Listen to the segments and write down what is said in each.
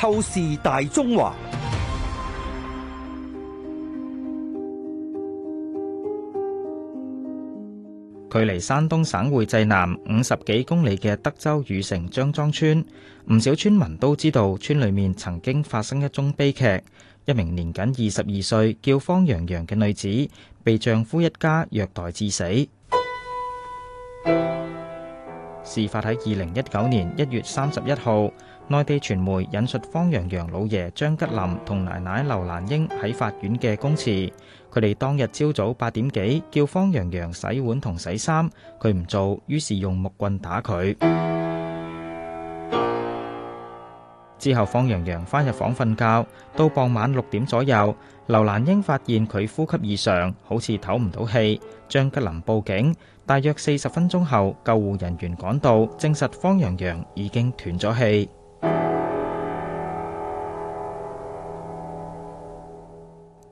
透視大中華，距離山東省會濟南五十幾公里嘅德州禹城張莊村，唔少村民都知道村裏面曾經發生一宗悲劇：一名年僅二十二歲叫方洋洋嘅女子被丈夫一家虐待致死。事發喺二零一九年一月三十一號。內地傳媒引述方洋洋老爺張吉林同奶奶劉蘭英喺法院嘅供詞，佢哋當日朝早八點幾叫方洋洋洗碗同洗衫，佢唔做，於是用木棍打佢。之後，方洋洋返入房瞓覺，到傍晚六點左右，劉蘭英發現佢呼吸異常，好似唞唔到氣，張吉林報警。大約四十分鐘後，救護人員趕到，證實方洋洋已經斷咗氣。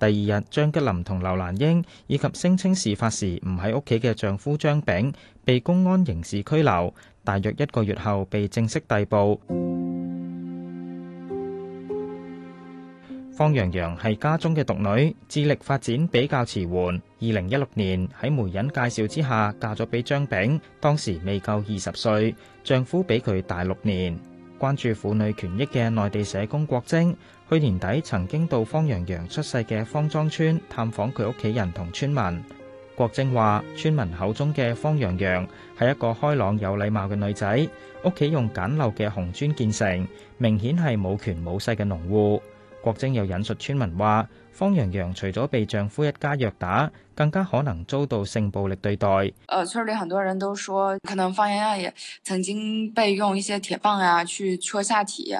第二日，張吉林同劉蘭英以及聲稱事發時唔喺屋企嘅丈夫張炳被公安刑事拘留，大約一個月後被正式逮捕。方洋洋係家中嘅獨女，智力發展比較遲緩。二零一六年喺媒人介紹之下嫁咗俾張炳，當時未夠二十歲，丈夫比佢大六年。關注婦女權益嘅內地社工郭晶，去年底曾經到方洋洋出世嘅方莊村探訪佢屋企人同村民。郭晶話，村民口中嘅方洋洋係一個開朗有禮貌嘅女仔，屋企用簡陋嘅紅磚建成，明顯係冇權冇勢嘅農戶。郭晶又引述村民話。方洋洋除咗被丈夫一家虐打，更加可能遭到性暴力對待。呃，村裏很多人都說，可能方洋洋也曾經被用一些鐵棒啊去戳下體，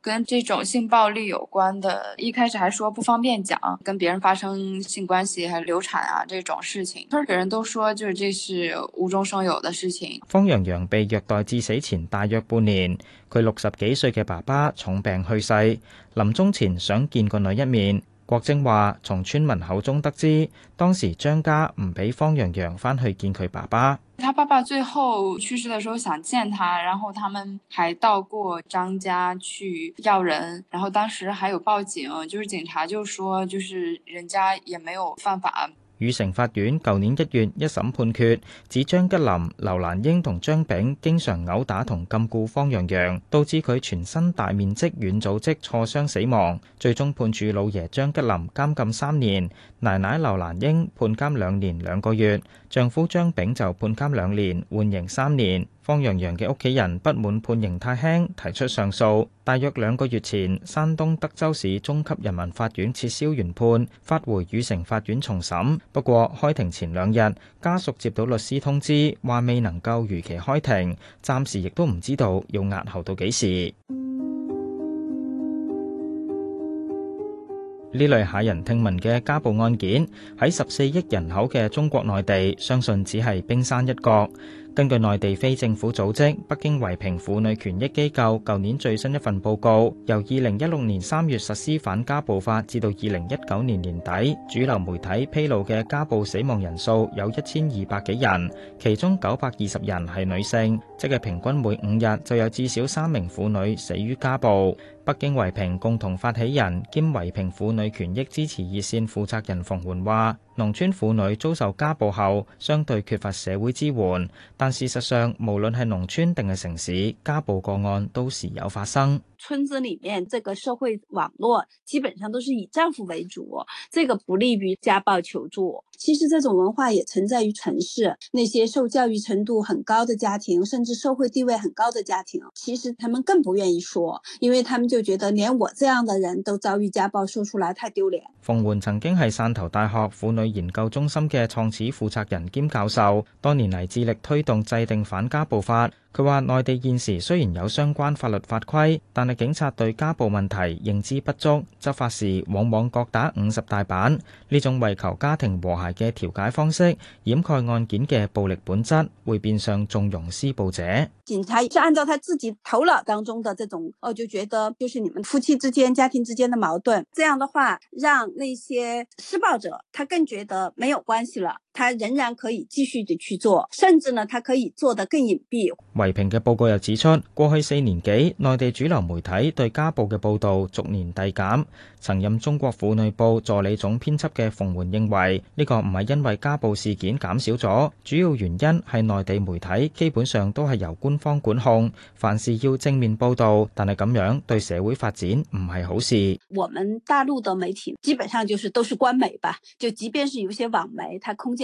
跟這種性暴力有關的。一開始還說不方便講，跟別人發生性關係還流產啊這種事情。村裏人都說，就是這是無中生有的事情。方洋洋被虐待致死前大約半年，佢六十幾歲嘅爸爸重病去世，臨終前想見個女一面。郭晶話：從村民口中得知，當時張家唔畀方洋洋返去見佢爸爸。他爸爸最後去世的時候想見他，然後他們還到過張家去要人，然後當時還有報警，就是警察就說，就是人家也沒有犯法。禹城法院舊年一月一審判決指張吉林、劉蘭英同張炳經常毆打同禁錮方洋洋，導致佢全身大面積軟組織挫傷死亡。最終判處老爺張吉林監禁三年，奶奶劉蘭英判監兩年兩個月，丈夫張炳就判監兩年，緩刑三年。方洋洋嘅屋企人不滿判刑太輕，提出上訴。大約兩個月前，山東德州市中級人民法院撤銷原判，發回禹城法院重審。不過，開庭前兩日，家屬接到律師通知，話未能夠如期開庭，暫時亦都唔知道要押後到幾時。呢類駭人聽聞嘅家暴案件，喺十四億人口嘅中國內地，相信只係冰山一角。根據內地非政府組織北京維平婦女權益機構舊年最新一份報告，由2016年3月實施反家暴法至到2019農村婦女遭受家暴後，相對缺乏社會支援，但事實上，無論係農村定係城市，家暴個案都時有發生。村子裏面這個社會網絡基本上都是以丈夫為主，這個不利於家暴求助。其實這種文化也存在於城市，那些受教育程度很高的家庭，甚至社會地位很高的家庭，其實他們更不願意說，因為他們就覺得連我這樣的人都遭遇家暴，說出來太丟臉。馮媛曾經係汕頭大學婦女研究中心嘅創始負責人兼教授，多年嚟，致力推動制定反家暴法。佢話：內地現時雖然有相關法律法規，但係警察對家暴問題認知不足，執法時往往各打五十大板。呢種為求家庭和諧嘅調解方式，掩蓋案件嘅暴力本質，會變相縱容施暴者。警察就按照他自己頭腦當中的這種，我就覺得就是你們夫妻之間、家庭之間的矛盾，這樣的話，讓那些施暴者他更覺得沒有關係了。他仍然可以繼續地去做，甚至呢，他可以做得更隱蔽。維平嘅報告又指出，過去四年幾，內地主流媒體對家暴嘅報道逐年遞減。曾任中國婦女報助理總編輯嘅馮媛認為，呢個唔係因為家暴事件減少咗，主要原因係內地媒體基本上都係由官方管控，凡事要正面報道，但係咁樣對社會發展唔係好事。我們大陸嘅媒體基本上就是都是官媒吧，就即便是有些網媒，它空間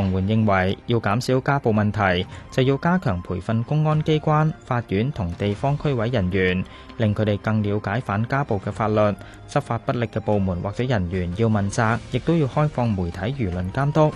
黃煥認為，要減少家暴問題，就要加強培訓公安機關、法院同地方區委人員，令佢哋更了解反家暴嘅法律。執法不力嘅部門或者人員要問責，亦都要開放媒體輿論監督。